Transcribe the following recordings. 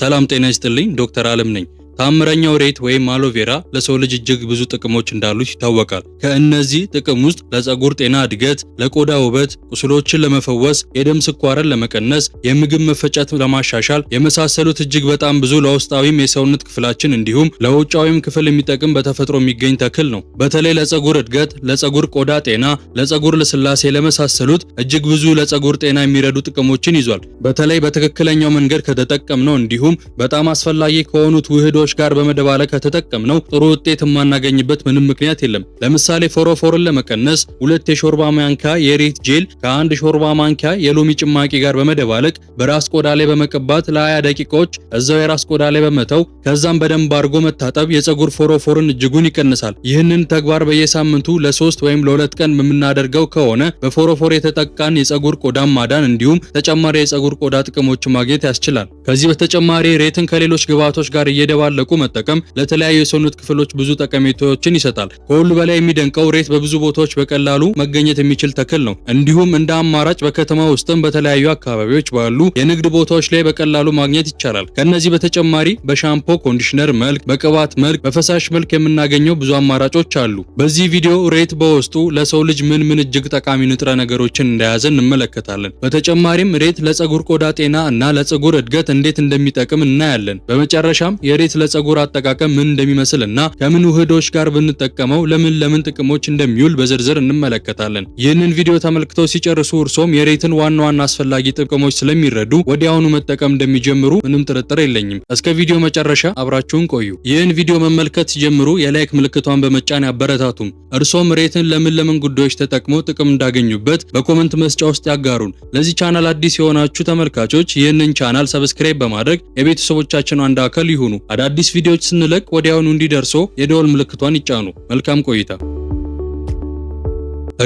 ሰላም ጤና ይስጥልኝ። ዶክተር አለም ነኝ። ታምረኛው ሬት ወይም አሎቬራ ለሰው ልጅ እጅግ ብዙ ጥቅሞች እንዳሉት ይታወቃል። ከእነዚህ ጥቅም ውስጥ ለፀጉር ጤና እድገት፣ ለቆዳ ውበት፣ ቁስሎችን ለመፈወስ፣ የደም ስኳርን ለመቀነስ፣ የምግብ መፈጨት ለማሻሻል የመሳሰሉት እጅግ በጣም ብዙ ለውስጣዊም የሰውነት ክፍላችን እንዲሁም ለውጫዊም ክፍል የሚጠቅም በተፈጥሮ የሚገኝ ተክል ነው። በተለይ ለፀጉር እድገት፣ ለፀጉር ቆዳ ጤና፣ ለፀጉር ልስላሴ ለመሳሰሉት እጅግ ብዙ ለፀጉር ጤና የሚረዱ ጥቅሞችን ይዟል። በተለይ በትክክለኛው መንገድ ከተጠቀምነው እንዲሁም በጣም አስፈላጊ ከሆኑት ውህዶች ምርቶች ጋር በመደባለቅ ከተጠቀምነው ጥሩ ውጤት የማናገኝበት ምንም ምክንያት የለም። ለምሳሌ ፎሮፎርን ለመቀነስ ሁለት የሾርባ ማንኪያ የሬት ጄል ከአንድ ሾርባ ማንኪያ የሎሚ ጭማቂ ጋር በመደባለቅ በራስ ቆዳ ላይ በመቀባት ለ20 ደቂቃዎች እዛው የራስ ቆዳ ላይ በመተው ከዛም በደንብ አድርጎ መታጠብ የፀጉር ፎሮፎርን እጅጉን ይቀንሳል። ይህንን ተግባር በየሳምንቱ ለሶስት ወይም ለሁለት ቀን የምናደርገው ከሆነ በፎሮፎር የተጠቃን የፀጉር ቆዳን ማዳን እንዲሁም ተጨማሪ የፀጉር ቆዳ ጥቅሞች ማግኘት ያስችላል። ከዚህ በተጨማሪ ሬትን ከሌሎች ግብዓቶች ጋር እየደባለ እያለቁ መጠቀም ለተለያዩ የሰውነት ክፍሎች ብዙ ጠቀሜታዎችን ይሰጣል። ከሁሉ በላይ የሚደንቀው ሬት በብዙ ቦታዎች በቀላሉ መገኘት የሚችል ተክል ነው። እንዲሁም እንደ አማራጭ በከተማ ውስጥም በተለያዩ አካባቢዎች ባሉ የንግድ ቦታዎች ላይ በቀላሉ ማግኘት ይቻላል። ከነዚህ በተጨማሪ በሻምፖ ኮንዲሽነር መልክ፣ በቅባት መልክ፣ በፈሳሽ መልክ የምናገኘው ብዙ አማራጮች አሉ። በዚህ ቪዲዮ ሬት በውስጡ ለሰው ልጅ ምን ምን እጅግ ጠቃሚ ንጥረ ነገሮችን እንደያዘ እንመለከታለን። በተጨማሪም ሬት ለፀጉር ቆዳ ጤና እና ለፀጉር እድገት እንዴት እንደሚጠቅም እናያለን። በመጨረሻም የሬት ለፀጉር አጠቃቀም ምን እንደሚመስል እና ከምን ውህዶች ጋር ብንጠቀመው ለምን ለምን ጥቅሞች እንደሚውል በዝርዝር እንመለከታለን። ይህንን ቪዲዮ ተመልክተው ሲጨርሱ እርሶም የሬትን ዋና ዋና አስፈላጊ ጥቅሞች ስለሚረዱ ወዲያውኑ መጠቀም እንደሚጀምሩ ምንም ጥርጥር የለኝም። እስከ ቪዲዮ መጨረሻ አብራችሁን ቆዩ። ይህን ቪዲዮ መመልከት ሲጀምሩ የላይክ ምልክቷን በመጫን ያበረታቱም። እርሶም ሬትን ለምን ለምን ጉዳዮች ተጠቅመው ጥቅም እንዳገኙበት በኮመንት መስጫ ውስጥ ያጋሩን። ለዚህ ቻናል አዲስ የሆናችሁ ተመልካቾች ይህንን ቻናል ሰብስክራይብ በማድረግ የቤተሰቦቻችን አንድ አካል ይሁኑ። አዳዲስ ቪዲዮዎች ስንለቅ ወዲያውኑ እንዲደርሶ የደወል ምልክቷን ይጫኑ። መልካም ቆይታ።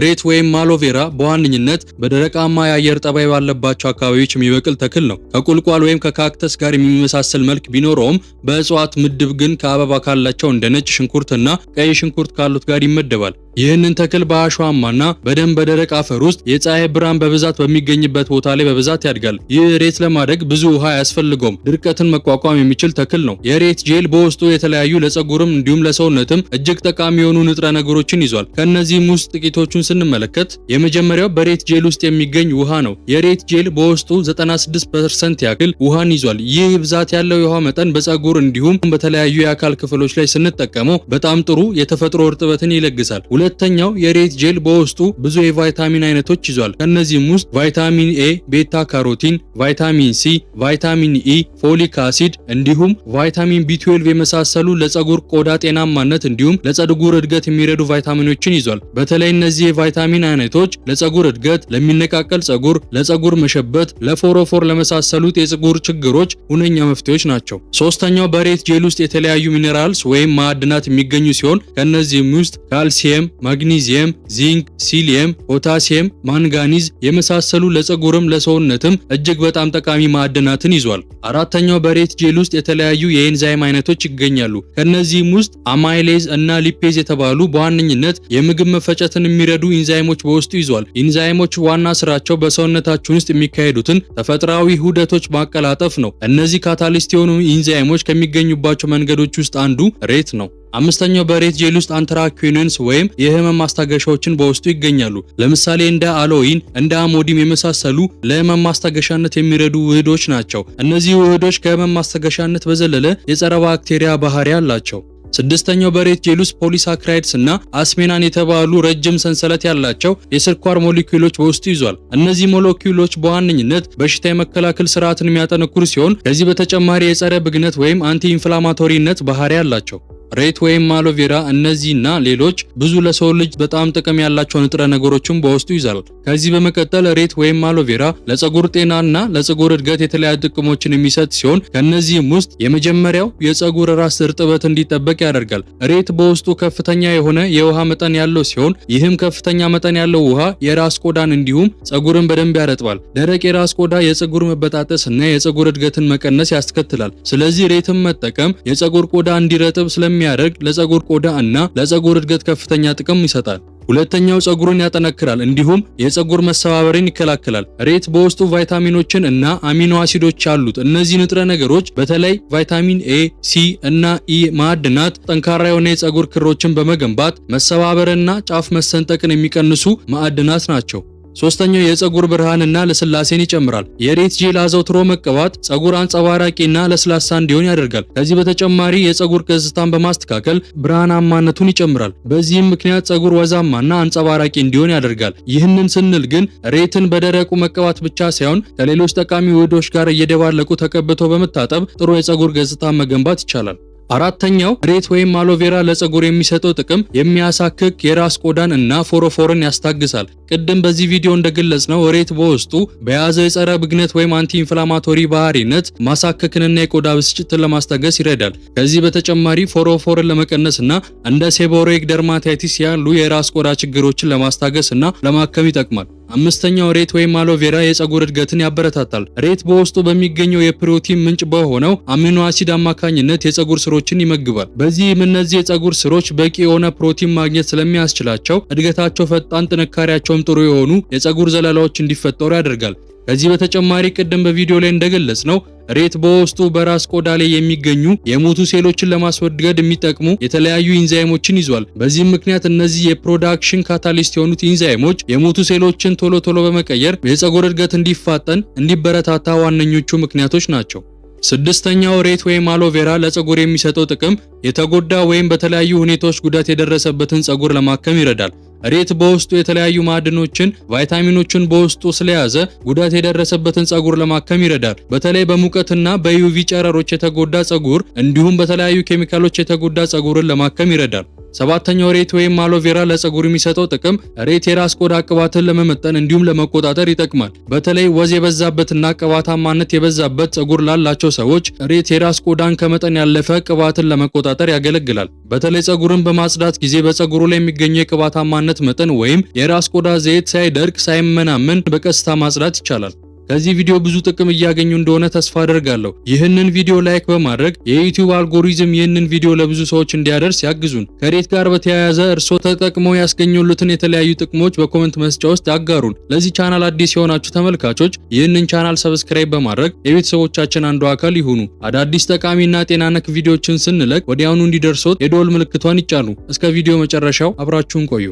ሬት ወይም ማሎቬራ በዋነኝነት በደረቃማ የአየር ጠባይ ባለባቸው አካባቢዎች የሚበቅል ተክል ነው። ከቁልቋል ወይም ከካክተስ ጋር የሚመሳሰል መልክ ቢኖረውም በእጽዋት ምድብ ግን ከአበባ ካላቸው እንደ ነጭ ሽንኩርትና ቀይ ሽንኩርት ካሉት ጋር ይመደባል። ይህንን ተክል በአሸዋማና በደንብ በደረቅ አፈር ውስጥ የፀሐይ ብርሃን በብዛት በሚገኝበት ቦታ ላይ በብዛት ያድጋል። ይህ ሬት ለማደግ ብዙ ውሃ አያስፈልገውም። ድርቀትን መቋቋም የሚችል ተክል ነው። የሬት ጄል በውስጡ የተለያዩ ለፀጉርም እንዲሁም ለሰውነትም እጅግ ጠቃሚ የሆኑ ንጥረ ነገሮችን ይዟል። ከእነዚህም ውስጥ ጥቂቶቹን ስንመለከት የመጀመሪያው በሬት ጄል ውስጥ የሚገኝ ውሃ ነው። የሬት ጄል በውስጡ 96% ያክል ውሃን ይዟል። ይህ ብዛት ያለው የውሃ መጠን በፀጉር እንዲሁም በተለያዩ የአካል ክፍሎች ላይ ስንጠቀመው በጣም ጥሩ የተፈጥሮ እርጥበትን ይለግሳል። ሁለተኛው የሬት ጄል በውስጡ ብዙ የቫይታሚን አይነቶች ይዟል። ከነዚህም ውስጥ ቫይታሚን ኤ፣ ቤታ ካሮቲን፣ ቫይታሚን ሲ፣ ቫይታሚን ኢ፣ ፎሊክ አሲድ እንዲሁም ቫይታሚን ቢ12 የመሳሰሉ ለፀጉር ቆዳ ጤናማነት እንዲሁም ለፀጉር እድገት የሚረዱ ቫይታሚኖችን ይዟል። በተለይ እነዚህ የቫይታሚን አይነቶች ለፀጉር እድገት፣ ለሚነቃቀል ፀጉር፣ ለፀጉር መሸበት፣ ለፎሮፎር ለመሳሰሉት የፀጉር ችግሮች ሁነኛ መፍትሄዎች ናቸው። ሶስተኛው በሬት ጄል ውስጥ የተለያዩ ሚኔራልስ ወይም ማዕድናት የሚገኙ ሲሆን ከእነዚህም ውስጥ ካልሲየም፣ ማግኒዚየም፣ ዚንክ፣ ሲሊየም፣ ፖታሲየም፣ ማንጋኒዝ የመሳሰሉ ለፀጉርም ለሰውነትም እጅግ በጣም ጠቃሚ ማዕድናትን ይዟል። አራተኛው በሬት ጄል ውስጥ የተለያዩ የኤንዛይም አይነቶች ይገኛሉ። ከእነዚህም ውስጥ አማይሌዝ እና ሊፔዝ የተባሉ በዋነኝነት የምግብ መፈጨትን የሚረዱ ኢንዛይሞች በውስጡ ይዟል። ኢንዛይሞች ዋና ስራቸው በሰውነታችን ውስጥ የሚካሄዱትን ተፈጥሯዊ ሁደቶች ማቀላጠፍ ነው። እነዚህ ካታሊስት የሆኑ ኢንዛይሞች ከሚገኙባቸው መንገዶች ውስጥ አንዱ ሬት ነው። አምስተኛው በሬት ጄል ውስጥ አንትራኩዊንስ ወይም የህመም ማስታገሻዎችን በውስጡ ይገኛሉ። ለምሳሌ እንደ አሎይን እንደ አሞዲም የመሳሰሉ ለህመም ማስታገሻነት የሚረዱ ውህዶች ናቸው። እነዚህ ውህዶች ከህመም ማስታገሻነት በዘለለ የጸረ ባክቴሪያ ባህሪ አላቸው። ስድስተኛው በሬት ጄል ውስጥ ፖሊሳክራይድስ እና አስሜናን የተባሉ ረጅም ሰንሰለት ያላቸው የስኳር ሞለኪውሎች በውስጡ ይዟል። እነዚህ ሞለኪውሎች በዋነኝነት በሽታ የመከላከል ስርዓትን የሚያጠነክሩ ሲሆን ከዚህ በተጨማሪ የጸረ ብግነት ወይም አንቲ ኢንፍላማቶሪነት ባህሪ አላቸው። ሬት ወይም አሎቬራ እነዚህና ሌሎች ብዙ ለሰው ልጅ በጣም ጥቅም ያላቸው ንጥረ ነገሮችን በውስጡ ይዛል። ከዚህ በመቀጠል ሬት ወይም አሎቬራ ለፀጉር ጤናና ለፀጉር እድገት የተለያዩ ጥቅሞችን የሚሰጥ ሲሆን ከእነዚህም ውስጥ የመጀመሪያው የፀጉር ራስ እርጥበት እንዲጠበቅ ያደርጋል። ሬት በውስጡ ከፍተኛ የሆነ የውሃ መጠን ያለው ሲሆን ይህም ከፍተኛ መጠን ያለው ውሃ የራስ ቆዳን እንዲሁም ፀጉርን በደንብ ያረጥባል። ደረቅ የራስ ቆዳ የፀጉር መበጣጠስ እና የፀጉር እድገትን መቀነስ ያስከትላል። ስለዚህ ሬትን መጠቀም የፀጉር ቆዳ እንዲረጥብ ስለሚ ስለሚያደርግ ለፀጉር ቆዳ እና ለፀጉር እድገት ከፍተኛ ጥቅም ይሰጣል። ሁለተኛው ፀጉሩን ያጠነክራል እንዲሁም የፀጉር መሰባበርን ይከላከላል። ሬት በውስጡ ቫይታሚኖችን እና አሚኖ አሲዶች አሉት። እነዚህ ንጥረ ነገሮች በተለይ ቫይታሚን ኤ፣ ሲ እና ኢ ማዕድናት ጠንካራ የሆነ የፀጉር ክሮችን በመገንባት መሰባበርና ጫፍ መሰንጠቅን የሚቀንሱ ማዕድናት ናቸው። ሶስተኛው የፀጉር ብርሃንና ለስላሴን ይጨምራል። የሬት ጄል አዘውትሮ መቀባት ፀጉር አንጸባራቂና ለስላሳ እንዲሆን ያደርጋል። ከዚህ በተጨማሪ የፀጉር ገጽታን በማስተካከል ብርሃናማነቱን ይጨምራል። በዚህም ምክንያት ፀጉር ወዛማና አንጸባራቂ እንዲሆን ያደርጋል። ይህንን ስንል ግን ሬትን በደረቁ መቀባት ብቻ ሳይሆን ከሌሎች ጠቃሚ ውህዶች ጋር እየደባለቁ ተቀብቶ በመታጠብ ጥሩ የፀጉር ገጽታን መገንባት ይቻላል። አራተኛው ሬት ወይም አሎቬራ ለፀጉር የሚሰጠው ጥቅም የሚያሳክክ የራስ ቆዳን እና ፎሮፎርን ያስታግሳል። ቅድም በዚህ ቪዲዮ እንደገለጽነው ሬት በውስጡ በያዘው የጸረ ብግነት ወይም አንቲ ኢንፍላማቶሪ ባህሪነት ማሳከክንና የቆዳ ብስጭትን ለማስታገስ ይረዳል። ከዚህ በተጨማሪ ፎሮፎርን ለመቀነስና እንደ ሴቦሬክ ደርማታይቲስ ያሉ የራስ ቆዳ ችግሮችን ለማስታገስ እና ለማከም ይጠቅማል። አምስተኛው ሬት ወይም አሎቬራ የፀጉር እድገትን ያበረታታል። ሬት በውስጡ በሚገኘው የፕሮቲን ምንጭ በሆነው አሚኖ አሲድ አማካኝነት የፀጉር ስሮችን ይመግባል። በዚህም እነዚህ የፀጉር ስሮች በቂ የሆነ ፕሮቲን ማግኘት ስለሚያስችላቸው እድገታቸው ፈጣን፣ ጥንካሬያቸውም ጥሩ የሆኑ የፀጉር ዘለላዎች እንዲፈጠሩ ያደርጋል። ከዚህ በተጨማሪ ቅድም በቪዲዮ ላይ እንደገለጽ ነው ሬት በውስጡ በራስ ቆዳ ላይ የሚገኙ የሞቱ ሴሎችን ለማስወገድ የሚጠቅሙ የተለያዩ ኢንዛይሞችን ይዟል። በዚህም ምክንያት እነዚህ የፕሮዳክሽን ካታሊስት የሆኑት ኢንዛይሞች የሞቱ ሴሎችን ቶሎ ቶሎ በመቀየር የፀጉር እድገት እንዲፋጠን፣ እንዲበረታታ ዋነኞቹ ምክንያቶች ናቸው። ስድስተኛው ሬት ወይም አሎቬራ ለፀጉር የሚሰጠው ጥቅም የተጎዳ ወይም በተለያዩ ሁኔታዎች ጉዳት የደረሰበትን ፀጉር ለማከም ይረዳል። እሬት በውስጡ የተለያዩ ማዕድኖችን፣ ቫይታሚኖችን በውስጡ ስለያዘ ጉዳት የደረሰበትን ጸጉር ለማከም ይረዳል። በተለይ በሙቀትና በዩቪ ጨረሮች የተጎዳ ጸጉር እንዲሁም በተለያዩ ኬሚካሎች የተጎዳ ጸጉርን ለማከም ይረዳል። ሰባተኛው ሬት ወይም አሎቬራ ለፀጉር የሚሰጠው ጥቅም ሬት የራስ ቆዳ ቅባትን ለመመጠን እንዲሁም ለመቆጣጠር ይጠቅማል። በተለይ ወዝ የበዛበትና ቅባታማነት የበዛበት ፀጉር ላላቸው ሰዎች ሬት የራስ ቆዳን ከመጠን ያለፈ ቅባትን ለመቆጣጠር ያገለግላል። በተለይ ፀጉርን በማጽዳት ጊዜ በፀጉሩ ላይ የሚገኘው የቅባታማነት መጠን ወይም የራስ ቆዳ ዘይት ሳይደርቅ ሳይመናመን በቀስታ ማጽዳት ይቻላል። ከዚህ ቪዲዮ ብዙ ጥቅም እያገኙ እንደሆነ ተስፋ አደርጋለሁ። ይህንን ቪዲዮ ላይክ በማድረግ የዩቲዩብ አልጎሪዝም ይህንን ቪዲዮ ለብዙ ሰዎች እንዲያደርስ ያግዙን። ከሬት ጋር በተያያዘ እርስዎ ተጠቅመው ያስገኙሉትን የተለያዩ ጥቅሞች በኮመንት መስጫ ውስጥ ያጋሩን። ለዚህ ቻናል አዲስ የሆናችሁ ተመልካቾች ይህንን ቻናል ሰብስክራይብ በማድረግ የቤተሰቦቻችን አንዱ አካል ይሁኑ። አዳዲስ ጠቃሚና ጤናነክ ቪዲዮዎችን ስንለቅ ወዲያውኑ እንዲደርሶት የደወል ምልክቷን ይጫኑ። እስከ ቪዲዮ መጨረሻው አብራችሁን ቆዩ።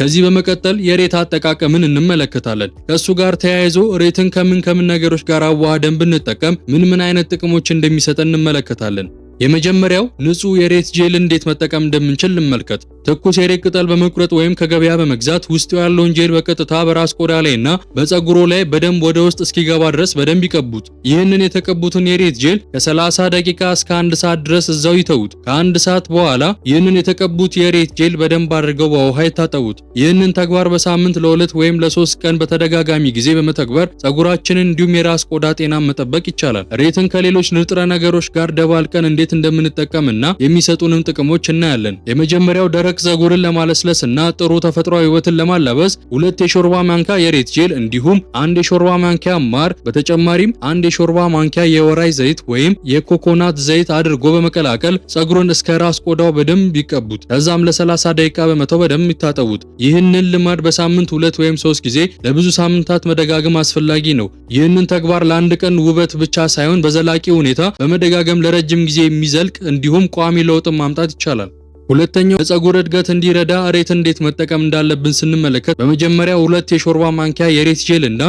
ከዚህ በመቀጠል የሬት አጠቃቀምን እንመለከታለን። ከእሱ ጋር ተያይዞ ሬትን ከምን ከምን ነገሮች ጋር አዋህደን ብንጠቀም ምን ምን አይነት ጥቅሞች እንደሚሰጠን እንመለከታለን። የመጀመሪያው ንጹህ የሬት ጄል እንዴት መጠቀም እንደምንችል እንመልከት። ትኩስ የሬት ቅጠል በመቁረጥ ወይም ከገበያ በመግዛት ውስጡ ያለውን ጄል በቀጥታ በራስ ቆዳ ላይና በፀጉሮ ላይ በደንብ ወደ ውስጥ እስኪገባ ድረስ በደንብ ይቀቡት። ይህንን የተቀቡትን የሬት ጄል ከ30 ደቂቃ እስከ አንድ ሰዓት ድረስ እዛው ይተዉት። ከአንድ ሰዓት በኋላ ይህንን የተቀቡት የሬት ጄል በደንብ አድርገው በውሃ ይታጠቡት። ይህንን ተግባር በሳምንት ለሁለት ወይም ለሶስት ቀን በተደጋጋሚ ጊዜ በመተግበር ፀጉራችንን እንዲሁም የራስ ቆዳ ጤናን መጠበቅ ይቻላል። ሬትን ከሌሎች ንጥረ ነገሮች ጋር ደባልቀን እንዴት እንደምንጠቀምና የሚሰጡንም ጥቅሞች እናያለን። የመጀመሪያው ደረቅ ደረቅ ጸጉርን ለማለስለስ እና ጥሩ ተፈጥሯዊ ውበትን ለማላበስ ሁለት የሾርባ ማንኪያ የሬት ጄል እንዲሁም አንድ የሾርባ ማንኪያ ማር በተጨማሪም አንድ የሾርባ ማንኪያ የወራይ ዘይት ወይም የኮኮናት ዘይት አድርጎ በመቀላቀል ጸጉርን እስከ ራስ ቆዳው በደንብ ይቀቡት። ከዛም ለ30 ደቂቃ በመተው በደንብ ይታጠቡት። ይህንን ልማድ በሳምንት ሁለት ወይም ሶስት ጊዜ ለብዙ ሳምንታት መደጋገም አስፈላጊ ነው። ይህንን ተግባር ለአንድ ቀን ውበት ብቻ ሳይሆን በዘላቂ ሁኔታ በመደጋገም ለረጅም ጊዜ የሚዘልቅ እንዲሁም ቋሚ ለውጥን ማምጣት ይቻላል። ሁለተኛው ለፀጉር እድገት እንዲረዳ እሬት እንዴት መጠቀም እንዳለብን ስንመለከት በመጀመሪያ ሁለት የሾርባ ማንኪያ የሬት ጄል እና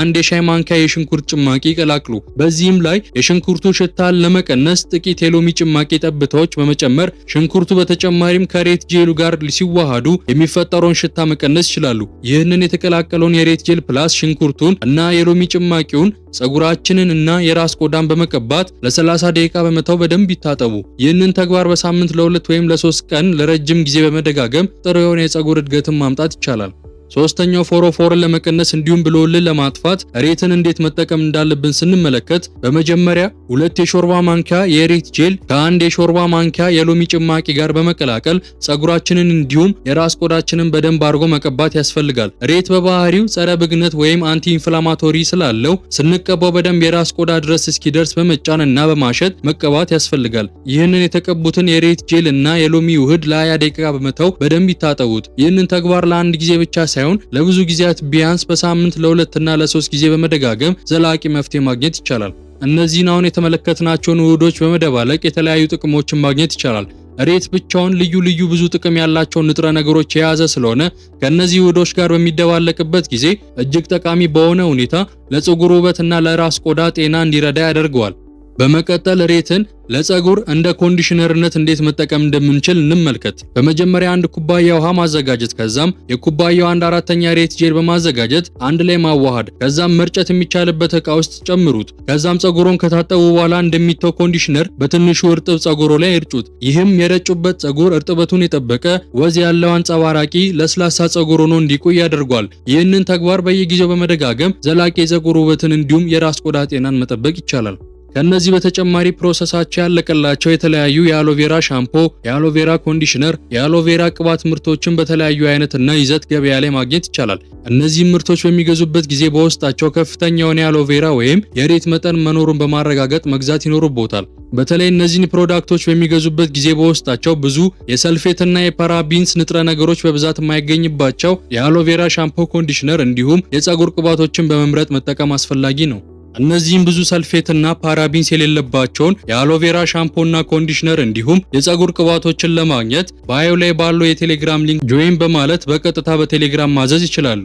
አንድ የሻይ ማንኪያ የሽንኩርት ጭማቂ ይቀላቅሉ። በዚህም ላይ የሽንኩርቱ ሽታን ለመቀነስ ጥቂት የሎሚ ጭማቂ ጠብታዎች በመጨመር ሽንኩርቱ በተጨማሪም ከሬት ጄሉ ጋር ሲዋሃዱ የሚፈጠረውን ሽታ መቀነስ ይችላሉ። ይህንን የተቀላቀለውን የሬት ጄል ፕላስ ሽንኩርቱን እና የሎሚ ጭማቂውን ጸጉራችንን እና የራስ ቆዳን በመቀባት ለ30 ደቂቃ በመተው በደንብ ይታጠቡ። ይህንን ተግባር በሳምንት ለሁለት ወይም ለሶስት ቀን ለረጅም ጊዜ በመደጋገም ጥሩ የሆነ የጸጉር እድገትን ማምጣት ይቻላል። ሶስተኛው ፎሮፎርን ለመቀነስ እንዲሁም ብሎልን ለማጥፋት እሬትን እንዴት መጠቀም እንዳለብን ስንመለከት በመጀመሪያ ሁለት የሾርባ ማንኪያ የእሬት ጄል ከአንድ የሾርባ ማንኪያ የሎሚ ጭማቂ ጋር በመቀላቀል ጸጉራችንን እንዲሁም የራስ ቆዳችንን በደንብ አድርጎ መቀባት ያስፈልጋል። እሬት በባህሪው ጸረ ብግነት ወይም አንቲ ኢንፍላማቶሪ ስላለው ስንቀባው በደንብ የራስ ቆዳ ድረስ እስኪደርስ በመጫን እና በማሸት መቀባት ያስፈልጋል። ይህንን የተቀቡትን የሬት ጄል እና የሎሚ ውህድ ለሀያ ደቂቃ በመተው በደንብ ይታጠቡት። ይህንን ተግባር ለአንድ ጊዜ ብቻ ሳይሆን ሳይሆን ለብዙ ጊዜያት ቢያንስ በሳምንት ለሁለትና ለሶስት ጊዜ በመደጋገም ዘላቂ መፍትሄ ማግኘት ይቻላል። እነዚህን አሁን የተመለከትናቸውን ውህዶች በመደባለቅ የተለያዩ ጥቅሞችን ማግኘት ይቻላል። ሬት ብቻውን ልዩ ልዩ ብዙ ጥቅም ያላቸውን ንጥረ ነገሮች የያዘ ስለሆነ ከእነዚህ ውህዶች ጋር በሚደባለቅበት ጊዜ እጅግ ጠቃሚ በሆነ ሁኔታ ለፀጉር ውበትና ለራስ ቆዳ ጤና እንዲረዳ ያደርገዋል። በመቀጠል ሬትን ለፀጉር እንደ ኮንዲሽነርነት እንዴት መጠቀም እንደምንችል እንመልከት። በመጀመሪያ አንድ ኩባያ ውሃ ማዘጋጀት፣ ከዛም የኩባያው አንድ አራተኛ ሬት ጄል በማዘጋጀት አንድ ላይ ማዋሃድ፣ ከዛም መርጨት የሚቻልበት ዕቃ ውስጥ ጨምሩት። ከዛም ፀጉሮን ከታጠቡ በኋላ እንደሚተው ኮንዲሽነር በትንሹ እርጥብ ፀጉሮ ላይ እርጩት። ይህም የረጩበት ፀጉር እርጥበቱን የጠበቀ ወዝ ያለው አንጸባራቂ ለስላሳ ፀጉር ሆኖ እንዲቆይ ያደርጓል። ይህንን ተግባር በየጊዜው በመደጋገም ዘላቂ የፀጉር ውበትን እንዲሁም የራስ ቆዳ ጤናን መጠበቅ ይቻላል። ከነዚህ በተጨማሪ ፕሮሰሳቸው ያለቀላቸው የተለያዩ የአሎቬራ ሻምፖ፣ የአሎቬራ ኮንዲሽነር፣ የአሎቬራ ቅባት ምርቶችን በተለያዩ አይነትና ይዘት ገበያ ላይ ማግኘት ይቻላል። እነዚህ ምርቶች በሚገዙበት ጊዜ በውስጣቸው ከፍተኛ የሆነ የአሎቬራ ወይም የሬት መጠን መኖሩን በማረጋገጥ መግዛት ይኖርቦታል። በተለይ እነዚህን ፕሮዳክቶች በሚገዙበት ጊዜ በውስጣቸው ብዙ የሰልፌትና የፓራቢንስ ንጥረ ነገሮች በብዛት የማይገኝባቸው የአሎቬራ ሻምፖ፣ ኮንዲሽነር እንዲሁም የፀጉር ቅባቶችን በመምረጥ መጠቀም አስፈላጊ ነው። እነዚህም ብዙ ሰልፌትና ፓራቢንስ የሌለባቸውን የአሎቬራ ሻምፖና ኮንዲሽነር እንዲሁም የፀጉር ቅባቶችን ለማግኘት ባዮ ላይ ባለው የቴሌግራም ሊንክ ጆይን በማለት በቀጥታ በቴሌግራም ማዘዝ ይችላሉ።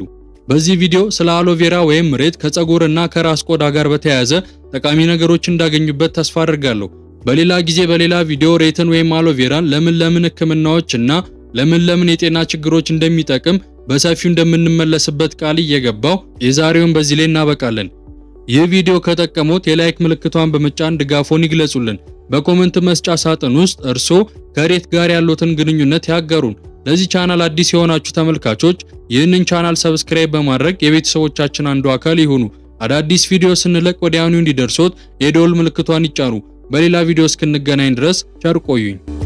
በዚህ ቪዲዮ ስለ አሎቬራ ወይም ሬት ከፀጉርና ከራስ ቆዳ ጋር በተያያዘ ጠቃሚ ነገሮች እንዳገኙበት ተስፋ አድርጋለሁ። በሌላ ጊዜ በሌላ ቪዲዮ ሬትን ወይም አሎቬራን ለምን ለምን ህክምናዎች እና ለምን ለምን የጤና ችግሮች እንደሚጠቅም በሰፊው እንደምንመለስበት ቃል እየገባው የዛሬውን በዚህ ላይ እናበቃለን። ይህ ቪዲዮ ከጠቀሙት የላይክ ምልክቷን በመጫን ድጋፎን ይግለጹልን። በኮመንት መስጫ ሳጥን ውስጥ እርሶ ከሬት ጋር ያሉትን ግንኙነት ያጋሩን። ለዚህ ቻናል አዲስ የሆናችሁ ተመልካቾች ይህንን ቻናል ሰብስክራይብ በማድረግ የቤተሰቦቻችን አንዱ አካል ይሁኑ። አዳዲስ ቪዲዮ ስንለቅ ወዲያውኑ እንዲደርሶት የደወል ምልክቷን ይጫኑ። በሌላ ቪዲዮ እስክንገናኝ ድረስ ቸር ቆዩኝ።